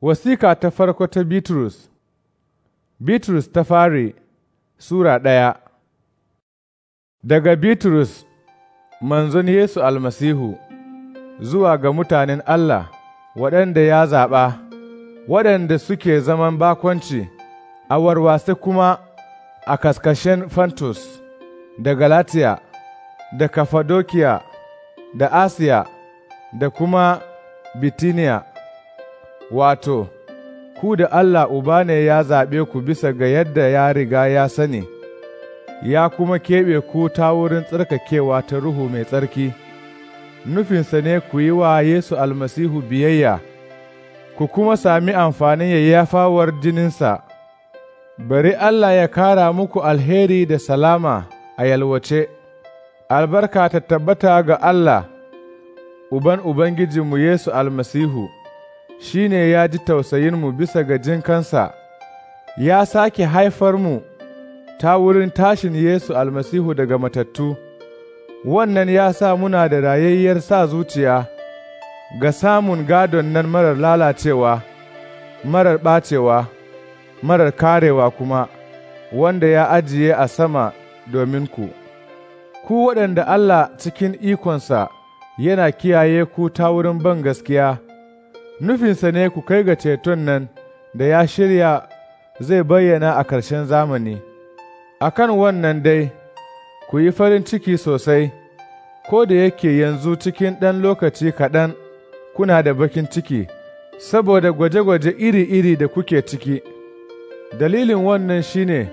wasiƙa ta farko ta Bitrus Bitrus ta fari Sura ɗaya Daga Bitrus, manzon Yesu almasihu, zuwa ga mutanen Allah waɗanda ya zaɓa, waɗanda suke zaman bakonci, a warwase kuma a kaskashen Fantus, da Galatiya, da Kafadokiya, da Asiya, da kuma Bitiniya. wato, ku da Allah Uba ne ya zaɓe ku bisa ga yadda ya riga ya sani, ya kuma keɓe ku ta wurin tsarkakewa ta Ruhu mai tsarki, nufinsa ne ku yi wa Yesu almasihu biyayya, ku kuma sami amfanin yayyafawar jininsa, bari Allah ya kara muku alheri da salama a yalwace, albarka ta tabbata ga Allah, Uban Ubangijinmu Yesu almasihu. shi ne ya ji tausayinmu bisa ga jinkansa, ya sake haifar mu ta wurin tashin Yesu almasihu daga matattu, wannan ya sa muna da rayayyar sa zuciya ga samun gadon nan marar lalacewa, marar ɓacewa, marar karewa kuma, wanda ya ajiye a sama domin ku. Ku waɗanda Allah cikin ikonsa yana kiyaye ku ta wurin ban gaskiya. nufinsa ne ku kai ga ceton nan da ya shirya zai bayyana a ƙarshen zamani. A kan wannan dai, ku yi farin ciki sosai, ko da yake yanzu cikin ɗan lokaci kaɗan kuna da bakin ciki, saboda gwaje-gwaje iri-iri da kuke ciki. Dalilin wannan shi ne,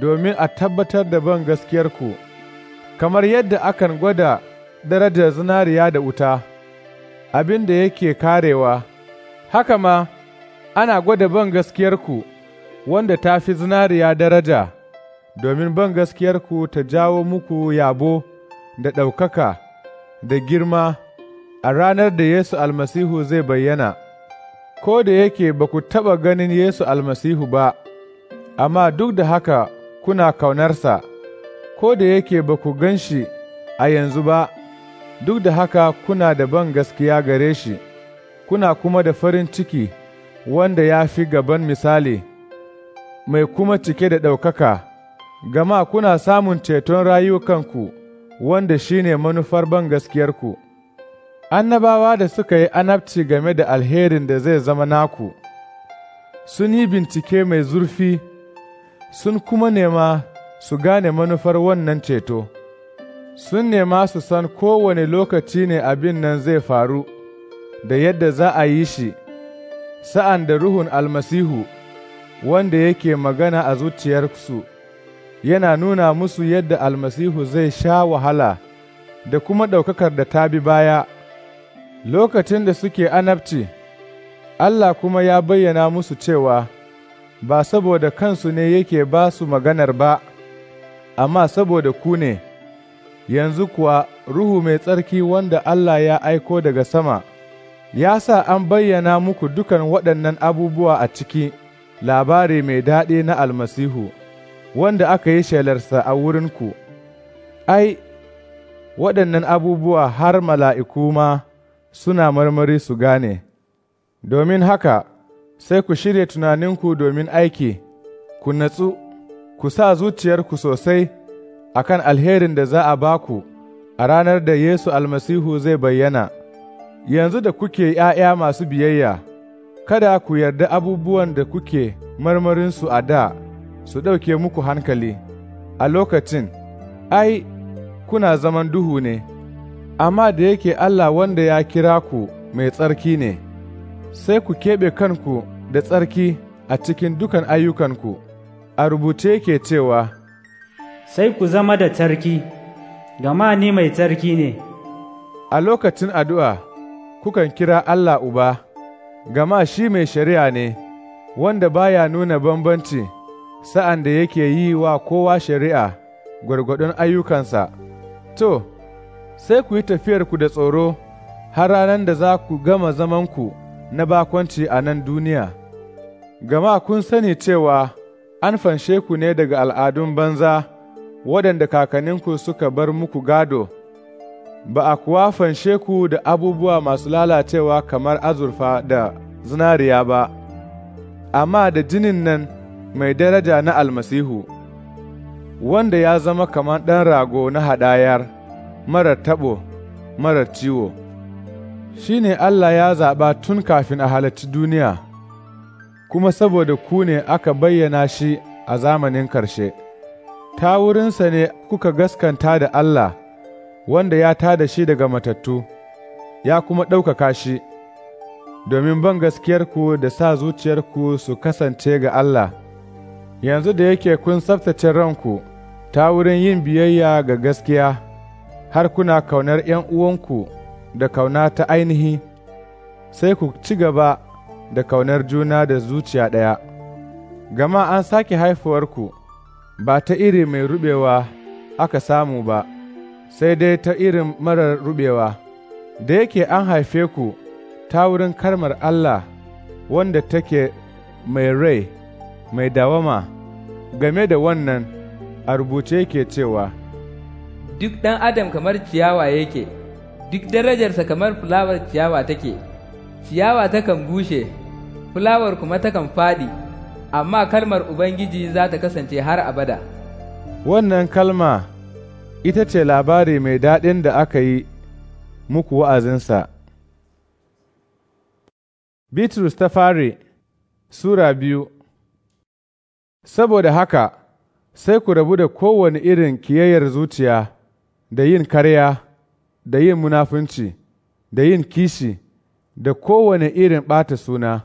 domin a tabbatar da ban gaskiyarku, kamar yadda akan gwada darajar zinariya da wuta, abin da yake karewa. haka ma ana gwada ban gaskiyarku wanda ta fi zinariya daraja, domin ban gaskiyarku ta jawo muku yabo da ɗaukaka da girma a ranar da Yesu almasihu zai bayyana, ko da yake ba ku taɓa ganin Yesu almasihu ba, amma duk da haka kuna kaunarsa, ko da yake ba ku gan shi a yanzu ba, duk da haka kuna da ban gaskiya gare shi. kuna kuma da farin ciki wanda ya fi gaban misali, mai kuma cike da ɗaukaka, gama kuna samun ceton rayukanku wanda shi ne manufar ban gaskiyarku. Annabawa da suka yi anabci game da alherin da zai zama naku, sun yi bincike mai zurfi, sun kuma nema su gane manufar wannan ceto, sun nema su san kowane lokaci ne abin nan zai faru. da yadda za a yi shi sa'an da Ruhun Almasihu, wanda yake magana a zuciyarsu, yana nuna musu yadda Almasihu zai sha wahala da kuma ɗaukakar da ta bi baya. Lokacin da suke anabci, Allah kuma ya bayyana musu cewa ba saboda kansu ne yake ba su maganar ba, amma saboda ku ne, yanzu kuwa Ruhu mai tsarki wanda Allah ya aiko daga sama. ya sa an bayyana muku dukan waɗannan abubuwa a ciki labari mai daɗi na almasihu, wanda aka yi shelarsa a wurinku, ai, waɗannan abubuwa har mala'iku ma suna marmari su gane, domin haka sai ku shirya tunaninku domin aiki, ku natsu, ku sa zuciyarku sosai a kan alherin da za a baku a ranar da Yesu almasihu zai bayyana. yanzu da kuke ’ya'ya masu biyayya, kada ku yarda abubuwan da kuke marmarinsu a da su ɗauke muku hankali, a lokacin, ai, kuna zaman duhu ne, amma da yake Allah wanda ya kira ku mai tsarki ne, sai ku keɓe kanku da tsarki a cikin dukan ayyukanku, a rubuce yake cewa, Sai ku zama da tsarki, gama ni mai tsarki ne. A lokacin addu'a, kukan kira Allah Uba, gama shi mai shari'a ne, wanda baya nuna bambanci sa'an da yake yi wa kowa shari'a gwargwadon ayyukansa. To, sai ku yi tafiyarku da tsoro har ranar da za ku gama zamanku na bakwanci a nan duniya, gama kun sani cewa an fanshe ku ne daga al'adun banza waɗanda kakanninku suka bar muku gado. ba a kuwa fanshe ku da abubuwa masu lalacewa kamar azurfa da zinariya ba, amma da jinin nan mai daraja na almasihu, wanda ya zama kamar ɗan rago na hadayar marar taɓo, marar ciwo. Shi ne Allah ya zaɓa tun kafin a halarci duniya, kuma saboda ku ne aka bayyana shi a zamanin ƙarshe, ta wurinsa ne kuka gaskanta da Allah. wanda ya tā da shi daga matattu, ya kuma ɗaukaka shi, domin ban gaskiyarku da sa zuciyarku su kasance ga Allah, yanzu da yake kun tsaftace ranku ta wurin yin biyayya ga gaskiya, har kuna kaunar uwanku da kauna ta ainihi, sai ku ci gaba da kaunar juna da zuciya ɗaya. Gama an sake haifuwarku ba ta iri mai ruɓewa aka samu ba. sai dai ta irin marar rubewa, da yake an haife ku ta wurin karmar Allah wanda take mai rai, mai dawama, game da wannan a rubuce ke cewa, Duk ɗan adam kamar ciyawa yake, duk darajarsa kamar fulawar ciyawa take, ciyawa takan bushe, fulawar kuma takan faɗi, amma kalmar Ubangiji za ta kasance har abada. Wannan kalma. ita ce labari mai daɗin da aka yi muku wa'azinsa. Bitrus ta fari Sura biyu Saboda haka, sai ku rabu da kowane irin kiyayyar zuciya, da yin karya, da yin munafunci, da yin kishi, da kowane irin ɓata suna.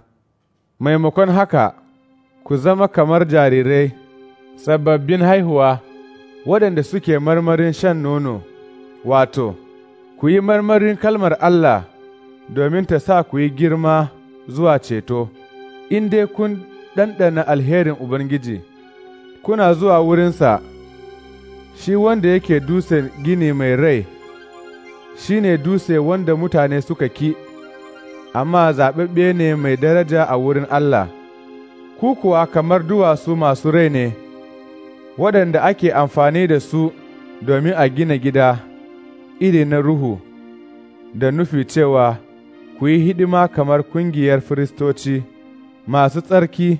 Maimakon haka, ku zama kamar jarirai, sababbin haihuwa. waɗanda suke marmarin shan nono, wato, ku yi marmarin kalmar Allah domin ta sa ku yi girma zuwa ceto, in dai kun ɗanɗana alherin Ubangiji, kuna zuwa wurinsa, shi wanda yake dutse gini mai rai, shi ne dutse wanda mutane suka ki, amma zaɓaɓɓe ne mai daraja a wurin Allah, ku kuwa kamar duwatsu masu rai ne. waɗanda ake amfani da su domin a gina gida iri na ruhu da nufi cewa ku yi hidima kamar ƙungiyar firistoci masu tsarki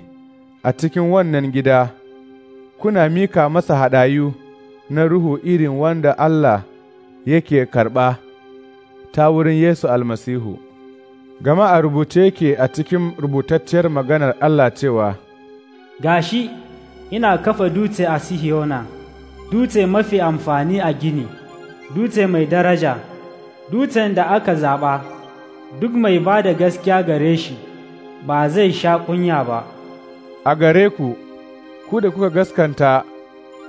a cikin wannan gida, kuna mika masa haɗayu na ruhu irin wanda Allah yake karɓa ta wurin Yesu almasihu. Gama a rubuce yake a cikin rubutacciyar maganar Allah cewa, Gashi! ina kafa dutse a Sihiyona, dutse mafi amfani a gini, dutse mai daraja, dutsen da aka zaɓa, duk mai ba da gaskiya gare shi, ba zai sha kunya ba. A gare ku, ku da kuka gaskanta,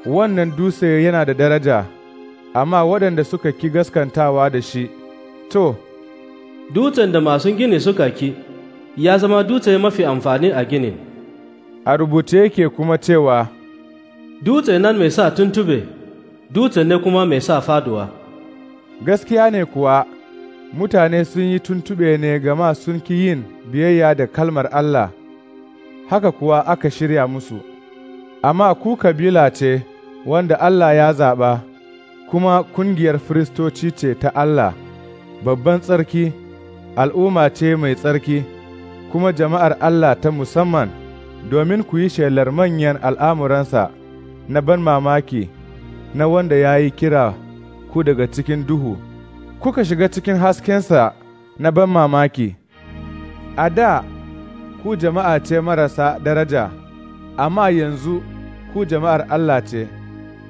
wannan dutse yana da daraja, amma waɗanda suka ki gaskantawa da shi, to, dutsen da masu gini suka ki, ya zama dutse mafi amfani a gini. a rubuce yake kuma cewa, Dutse nan mai sa tuntube, dutse ne kuma mai sa faduwa. Gaskiya ne kuwa, mutane sun yi tuntube ne gama sun ki yin biyayya da kalmar Allah, haka kuwa aka shirya musu. Amma ku kabila ce wanda Allah ya zaɓa, kuma kungiyar firistoci ce ta Allah, babban tsarki, al'umma ce mai tsarki, kuma jama'ar Allah ta musamman. domin ku yi shelar manyan al'amuransa na ban mamaki na wanda ya yi kira ku daga cikin duhu, kuka shiga cikin haskensa na ban mamaki. A da, ku jama'a ce marasa daraja, amma yanzu ku jama'ar Allah ce,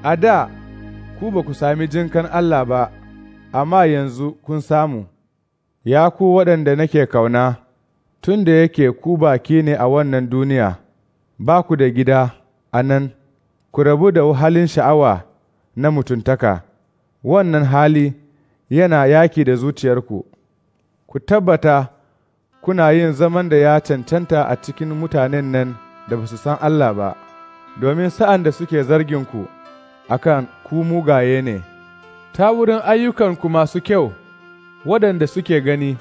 a da, ku ba ku sami jinkan Allah ba, amma yanzu kun samu, ya ku waɗanda nake kauna, tun da yake ku baki ne a wannan duniya. ba ku da gida a nan, ku rabu da halin sha'awa na mutuntaka, wannan hali yana yaki da zuciyarku, ku tabbata kuna yin zaman da ya cancanta a cikin mutanen nan da ba su san Allah ba, domin sa'an da suke zarginku a kan ku mugaye ne, ta wurin ayyukanku masu kyau waɗanda suke gani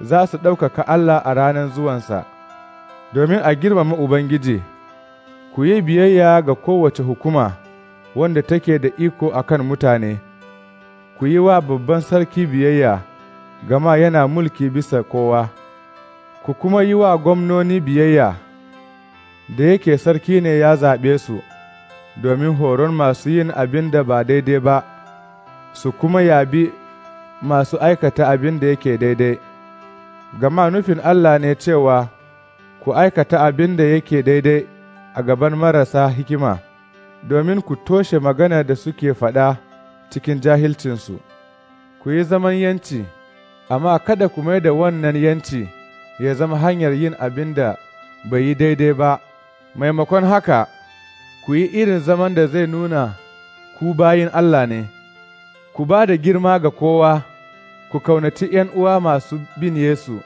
za su ɗaukaka Allah a ranar zuwansa. domin a girmama Ubangiji, ku yi biyayya ga kowace hukuma wanda take da iko a kan mutane, ku yi wa babban sarki biyayya, gama yana mulki bisa kowa, ku kuma yi wa gwamnoni biyayya, da yake sarki ne ya zaɓe su, domin horon masu yin abin da ba daidai ba, su kuma yabi masu aikata abin da yake daidai, gama nufin Allah ne cewa. ku aikata abin da yake daidai a gaban marasa hikima, domin ku toshe magana da suke faɗa cikin jahilcinsu, ku yi zaman yanci, amma kada ku mai da wannan yanci ya zama hanyar yin abin da bai yi daidai ba, maimakon haka ku yi irin zaman da zai nuna ku bayin Allah ne, ku ba da girma ga kowa, ku kaunaci uwa masu bin Yesu,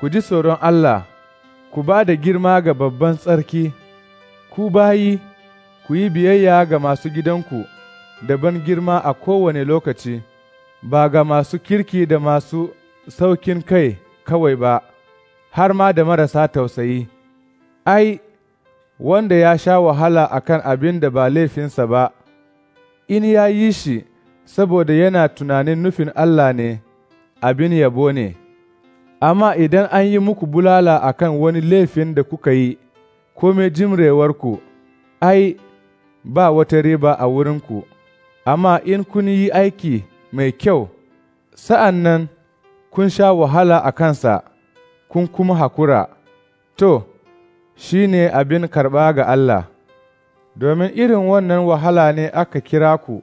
ku ji tsoron Allah. ku ba da girma ga babban tsarki, ku bayi, ku yi biyayya ga masu gidanku da ban girma a kowane lokaci, ba ga masu kirki da masu saukin kai kawai ba, har ma da marasa tausayi. Ai, wanda ya sha wahala a kan abin da ba laifinsa ba, in ya yi shi saboda yana tunanin nufin Allah ne, abin yabo ne. Amma idan an yi muku bulala a kan wani laifin da kuka yi, ko mai jimrewarku, ai, ba wata riba a wurinku, amma in kun yi aiki mai kyau, sa'an nan kun sha wahala a kansa, kun kuma hakura, to, shi ne abin karɓa ga Allah, domin irin wannan wahala ne aka kira ku,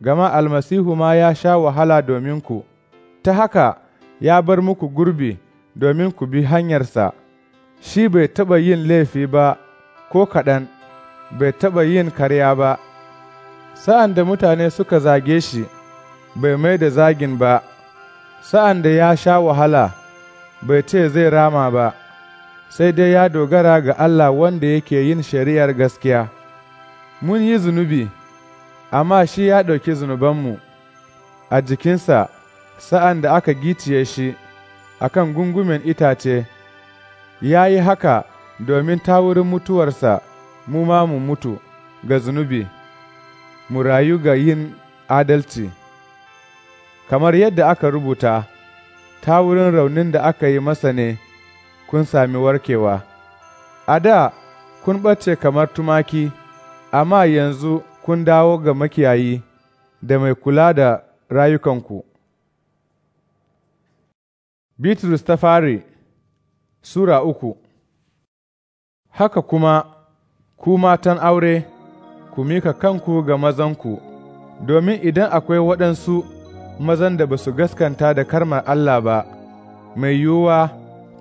gama almasihu ma ya sha wahala dominku, ta haka ya bar muku gurbi domin ku bi hanyarsa, shi bai taɓa yin laifi ba ko kaɗan, bai taɓa yin karya ba. Sa'an da mutane suka zage shi, bai mai da zagin ba, sa'an da ya sha wahala, bai ce zai rama ba, sai dai ya dogara ga Allah wanda yake yin shari'ar gaskiya. Mun yi zunubi, amma shi ya ɗauki zunubanmu a jikinsa. sa'an da aka giciye shi a kan gungumen itace, ya yi haka domin ta wurin mutuwarsa mu ma mu mutu ga zunubi, mu rayu ga yin adalci. Kamar yadda aka rubuta, ta wurin raunin da aka yi masa ne kun sami warkewa. A da kun ɓace kamar tumaki, amma yanzu kun dawo ga makiyayi da mai kula da rayukanku. Bitrus ta fari Sura uku Haka kuma, ku matan aure, ku mika kanku ga mazanku, domin idan akwai waɗansu mazan da ba su gaskanta da karmar Allah ba, mai yiwuwa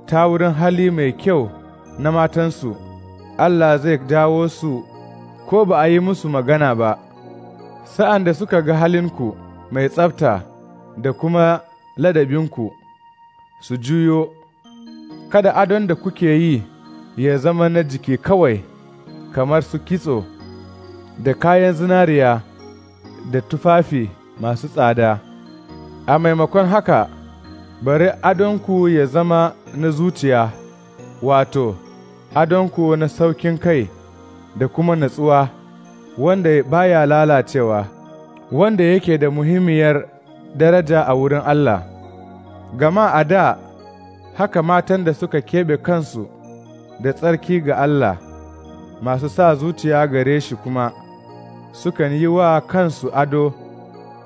ta wurin hali mai kyau na matansu, Allah zai dawo su ko ba a yi musu magana ba, sa'an da suka ga halinku mai tsafta da kuma ladabinku. su juyo, kada adon da kuke yi ya zama na jiki kawai, kamar su kitso, da kayan zinariya, da tufafi masu tsada, a maimakon haka, bari adonku ya zama na zuciya, wato, adonku na saukin kai da kuma natsuwa, wanda baya lalacewa, wanda yake da muhimmiyar daraja a wurin Allah. gama a da haka matan da suka keɓe kansu da tsarki ga Allah, masu sa zuciya gare shi kuma, sukan yi wa kansu ado,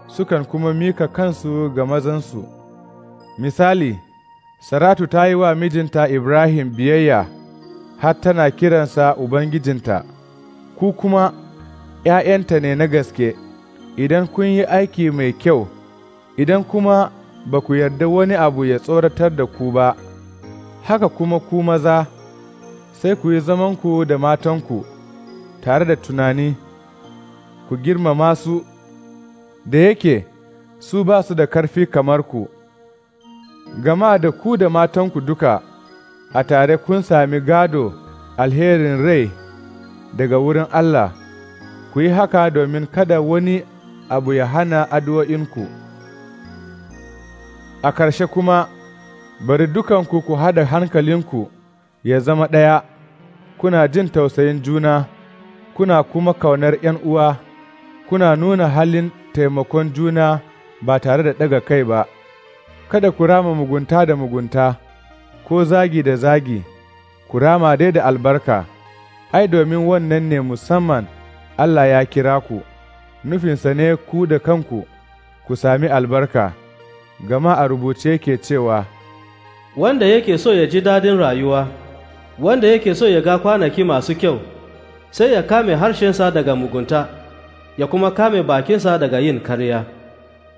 sukan kuma mika kansu ga mazansu. Misali, Saratu ta yi wa mijinta Ibrahim biyayya har tana kiransa Ubangijinta, ku kuma ’ya'yanta ne na gaske, idan kun yi aiki mai kyau, idan kuma ba ku yarda wani abu ya tsoratar da ku ba, haka kuma ku maza, sai ku yi zamanku da matanku tare da tunani, ku girmama su, da yake su ba su da ƙarfi kamar ku, gama da ku da matanku duka a tare kun sami gado alherin rai daga wurin Allah, ku yi haka domin kada wani abu ya hana addu'o'inku. A ƙarshe kuma, bari dukanku ku haɗa hankalinku ya zama ɗaya, kuna jin tausayin juna, kuna kuma kaunar uwa, kuna nuna halin taimakon juna ba tare da ɗaga kai ba, kada ku rama mugunta da mugunta, ko zagi da zagi, ku rama dai da albarka, ai, domin wannan ne musamman Allah ya kira ku, nufinsa ne ku da kanku, ku sami albarka. gama a rubuce yake cewa, Wanda yake so ya ji dadin rayuwa, wanda yake so ya ga kwanaki masu kyau, sai ya kame harshensa daga mugunta, ya kuma kame bakinsa daga yin karya,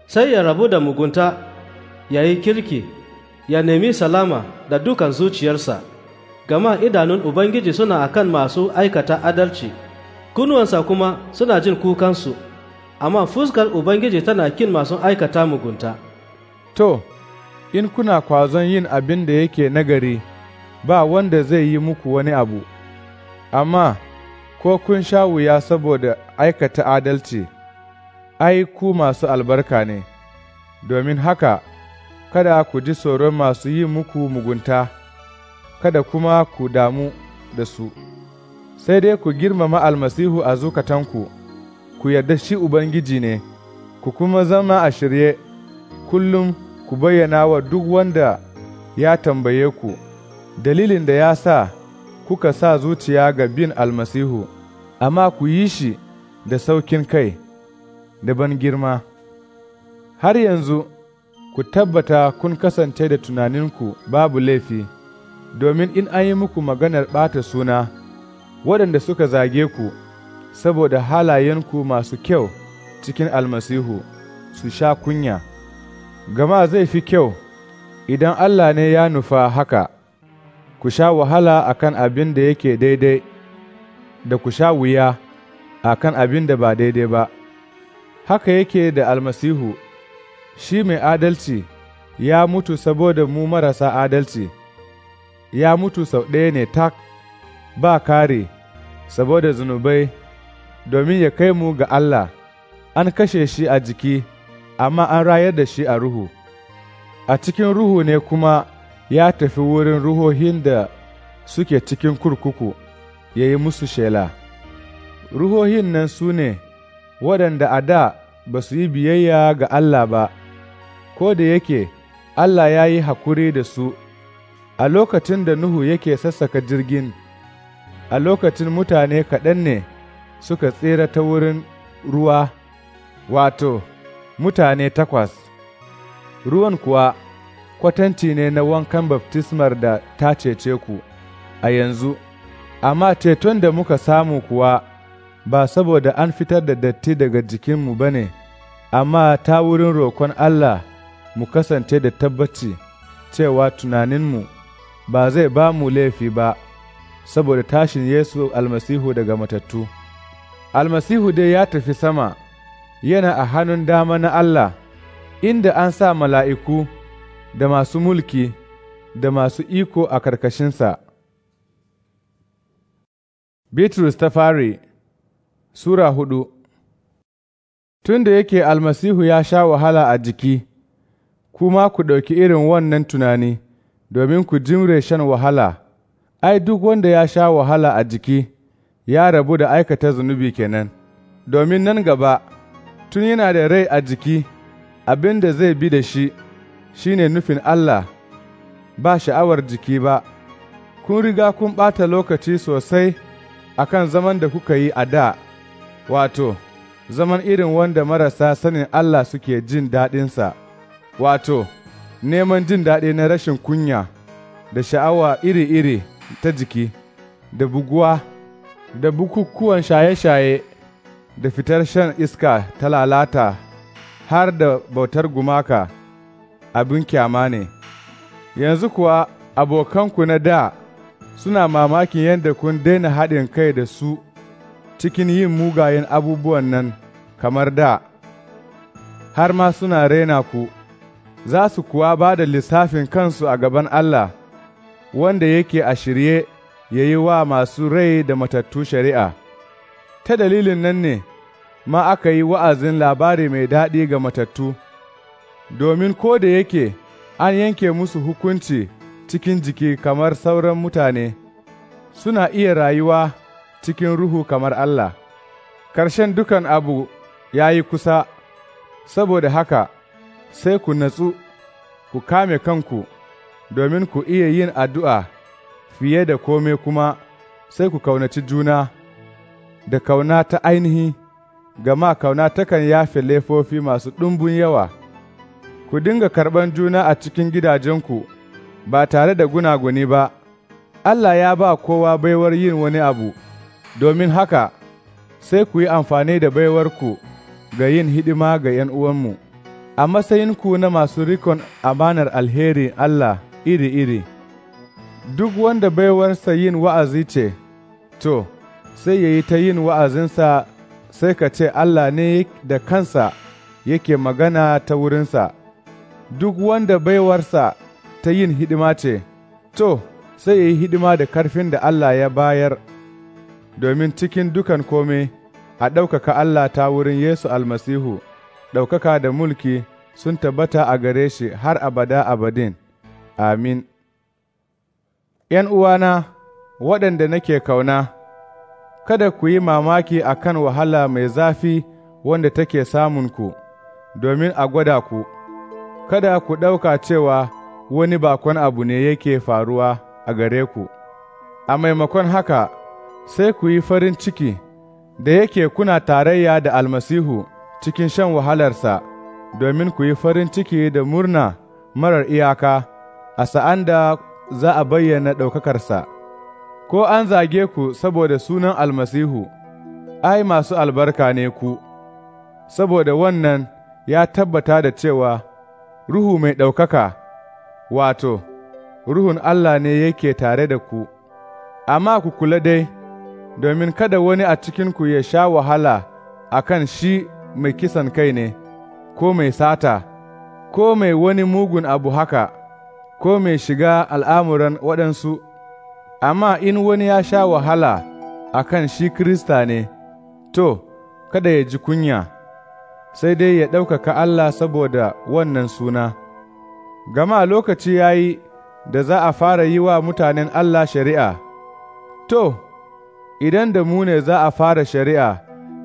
sai ya rabu da mugunta, ya yi kirki, ya nemi salama da dukan zuciyarsa, gama idanun Ubangiji suna akan masu aikata adalci, kunuwansa kuma suna jin kukansu, amma fuskar Ubangiji tana kin masu aikata mugunta. To, in kuna kwazon yin abin da yake nagari, ba wanda zai yi muku wani abu, amma ko kun sha wuya saboda aikata adalci, ai, ku masu albarka ne, domin haka kada ku ji tsoron masu yi muku mugunta, kada kuma ku damu da su, sai dai ku girmama almasihu a zukatanku, ku yarda shi Ubangiji ne, ku kuma zama a shirye kullum. ku bayyana wa duk wanda ya tambaye ku dalilin da ya sa kuka sa zuciya ga bin almasihu, amma ku yi shi da saukin kai, da ban girma. Har yanzu ku tabbata kun kasance da tunaninku babu laifi, domin in an yi muku maganar ɓata suna, waɗanda suka zage ku saboda halayenku masu kyau cikin almasihu su sha kunya. gama zai fi kyau idan Allah ne ya nufa haka, ku sha wahala a kan abin da yake daidai, da ku sha wuya a kan abin da ba daidai ba. Haka yake da almasihu, shi mai adalci ya mutu saboda mu marasa adalci, ya mutu sau ɗaya ne tak ba kare saboda zunubai, domin ya kai mu ga Allah, an kashe shi a jiki. amma an rayar da shi a ruhu, a cikin ruhu ne kuma ya tafi wurin ruhohin da suke cikin kurkuku ya yi musu shela. Ruhohin nan su ne waɗanda a da ba su yi biyayya ga Allah ba, ko da yake Allah ya yi haƙuri da su a lokacin da Nuhu yake sassaka jirgin, a lokacin mutane kaɗan ne suka tsira ta wurin ruwa, wato, mutane takwas, ruwan kuwa kwatanci ne na wankan baftismar da ta cece ku a yanzu, amma ceton da muka samu kuwa ba saboda an fitar da datti daga jikinmu ba ne, amma ta wurin roƙon Allah mu kasance da tabbaci cewa tunaninmu ba zai ba mu laifi ba, saboda tashin Yesu almasihu daga matattu. Almasihu dai ya tafi sama. yana a hannun dama na Allah, inda an sa mala'iku da masu mulki da masu iko a ƙarƙashinsa. Bitrus ta fare Sura hudu Tun da yake almasihu ya sha wahala a jiki, kuma ku ɗauki irin wannan tunani domin ku jimre shan wahala, ai, duk wanda ya sha wahala a jiki ya rabu da aikata zunubi kenan, domin nan gaba. tun yana da rai a jiki abin da zai bi da shi shi ne nufin Allah ba sha'awar jiki ba, kun riga kun ɓata lokaci sosai a kan zaman da kuka yi a da, wato, zaman irin wanda marasa sanin Allah suke jin daɗinsa, wato, neman jin daɗi na rashin kunya da sha'awa iri-iri ta jiki, da buguwa, da bukukuwan shaye-shaye. da fitar shan iska ta lalata har da bautar gumaka abin kyama ne, yanzu kuwa abokanku na da suna mamakin yadda kun daina haɗin kai da su cikin yin mugayen abubuwan nan kamar da, har ma suna raina ku, za su kuwa ba da lissafin kansu a gaban Allah, wanda yake a shirye ya yi wa masu rai da matattu shari'a. ta dalilin nan ne ma aka yi wa'azin labari mai daɗi ga matattu, domin ko da yake an yanke musu hukunci cikin jiki kamar sauran mutane, suna iya rayuwa cikin ruhu kamar Allah. karshen dukan abu ya yi kusa, saboda haka sai ku natsu, ku kame kanku, domin ku iya yin addu'a fiye da kome kuma sai ku kaunaci juna. da kauna ta ainihi, gama kauna takan yafe laifofi masu ɗumbun yawa. Ku dinga karɓan juna a cikin gidajenku ba tare da gunaguni ba, Allah ya ba kowa baiwar yin wani abu, domin haka sai ku yi amfani da baiwarku ga yin hidima ga ’yan uwanmu, a matsayinku na masu rikon amanar alheri Allah iri-iri. Duk wanda baiwarsa yin wa'azi ce, to, sai ya yi ta yin wa'azinsa sai ka ce Allah ne da kansa yake magana ta wurinsa, duk wanda baiwarsa ta yin hidima ce, to, sai ya yi hidima da karfin da Allah ya bayar, domin cikin dukan kome a ɗaukaka Allah ta wurin Yesu almasihu, ɗaukaka da mulki sun tabbata a gare shi har abada abadin. Amin. ’Yan uwana, waɗanda nake kauna, kada ku yi mamaki a kan wahala mai zafi wanda take samunku, domin a gwada ku, kada ku ɗauka cewa wani bakon abu ne yake faruwa a gare ku, a maimakon haka sai ku yi farin ciki da yake kuna tarayya da almasihu cikin shan wahalarsa, domin ku yi farin ciki da murna marar iyaka a sa'an da za a bayyana ɗaukakarsa. ko an zage ku saboda sunan almasihu, ai, masu albarka ne ku, saboda wannan ya tabbata da cewa Ruhu mai ɗaukaka, wato, Ruhun Allah ne yake tare da ku, amma ku kula dai, domin kada wani a cikinku ya sha wahala a kan shi mai kisan kai ne, ko mai sata, ko mai wani mugun abu haka, ko mai shiga al'amuran waɗansu. amma in wani ya sha wahala a kan shi Kirista ne, to, kada ya ji kunya, sai dai ya ɗaukaka Allah saboda wannan suna, gama lokaci ya yi da za a fara yi wa mutanen Allah shari'a, to, idan da mu ne za a fara shari'a,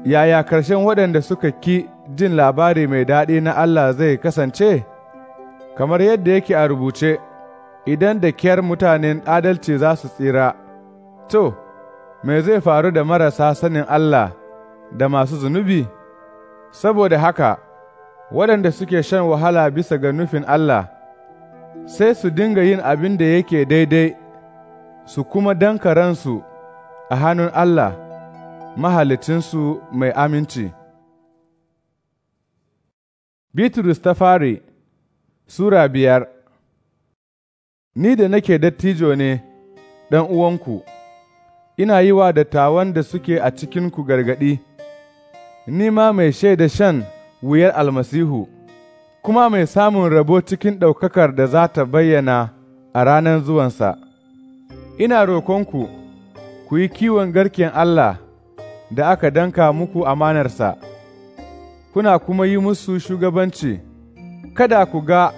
yaya ƙarshen waɗanda suka ki jin labari mai daɗi na Allah zai kasance? Kamar yadda yake a rubuce. idan da kyar mutanen adalci za su tsira, to, me zai faru da marasa sanin Allah da masu zunubi? Saboda haka, waɗanda suke shan wahala bisa ga nufin Allah, sai su dinga yin abin da yake daidai, su kuma dan ransu a hannun Allah, mahalicinsu mai aminci. Bitrus ta fari Sura biyar Ni da nake dattijo ne, ɗan uwanku, ina yi wa dattawan da suke a cikin ku gargaɗi, ni ma mai shaida shan wuyar almasihu, kuma mai samun rabo cikin ɗaukakar da za ta bayyana a ranar zuwansa. Ina rokonku, ku yi kiwon garken Allah da aka danka muku amanarsa, kuna kuma yi musu shugabanci, kada ku ga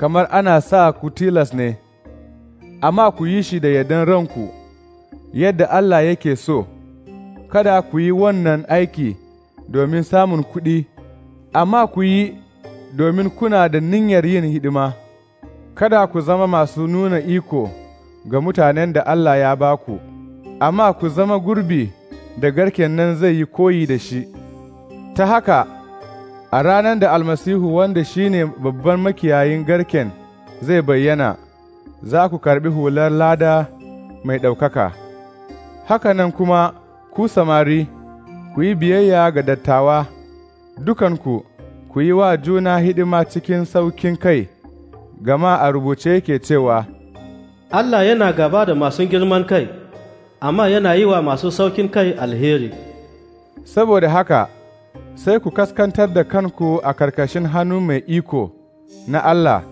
kamar ana sa ku tilas ne. amma ku yi shi da yardan ranku, yadda Allah yake so, kada ku yi wannan aiki domin samun kuɗi, amma ku yi domin kuna da niyyar yin hidima, kada ku zama masu nuna iko ga mutanen da Allah ya ba ku, amma ku zama gurbi da garken nan zai yi koyi da shi. Ta haka, a ranar da almasihu wanda shi ne babban makiyayin garken zai bayyana. za ku karɓi hular lada mai ɗaukaka, haka nan kuma ku samari, ku yi biyayya ga dattawa, dukanku ku yi wa juna hidima cikin saukin kai, gama a rubuce yake cewa, Allah yana gaba da masu girman kai, amma yana yi wa masu saukin kai alheri. Saboda haka, sai ku kaskantar da kanku a karkashin hannu mai iko na Allah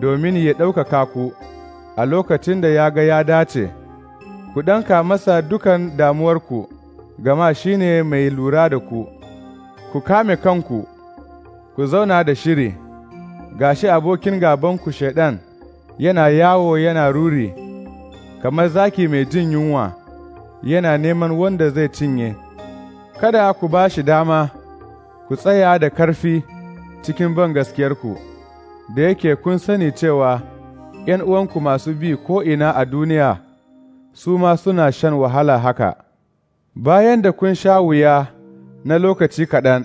domin ya ɗaukaka ku. a lokacin da ya ga ya dace, ku ɗanka masa dukan damuwarku, gama shi ne mai lura da ku, ku kame kanku, ku zauna da shiri, gashi abokin gabanku shaidan yana yawo yana ruri, kamar zaki mai jin yunwa, yana neman wanda zai cinye, kada ku ba shi dama, ku tsaya da karfi cikin ban gaskiyarku, da yake kun sani cewa. ’yan uwanku masu bi ko'ina a duniya su ma suna shan wahala haka, bayan da kun sha wuya na lokaci kaɗan,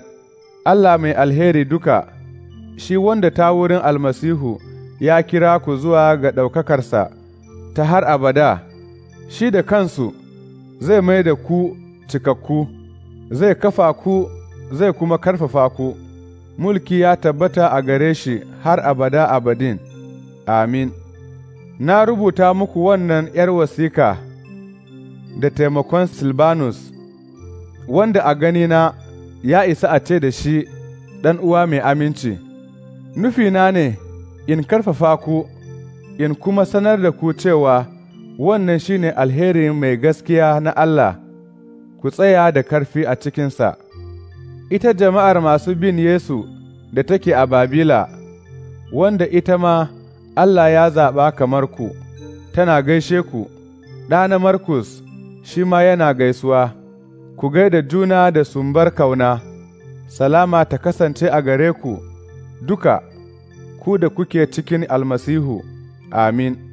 Allah mai alheri duka, shi wanda ta wurin almasihu ya kira ku zuwa ga ɗaukakarsa ta har abada, shi da kansu zai mai da ku cikakku, zai kafa ku zai kuma karfafa ku, mulki ya tabbata a gare shi har abada abadin. Amin. na rubuta muku wannan ’yar wasiƙa da taimakon Silbanus, wanda a ganina ya isa a ce da shi ɗan uwa mai aminci. Nufina ne in karfafa ku, in kuma sanar da ku cewa wannan shi ne alherin mai gaskiya na Allah, ku tsaya da karfi a cikinsa. Ita jama'ar masu bin Yesu da take a Babila, wanda ita ma Allah ya zaɓa kamar ku, tana gaishe ku, ɗana Markus shi ma yana gaisuwa, ku gaida juna da sumbar kauna, salama ta kasance a gare ku duka, ku da kuke cikin almasihu, amin.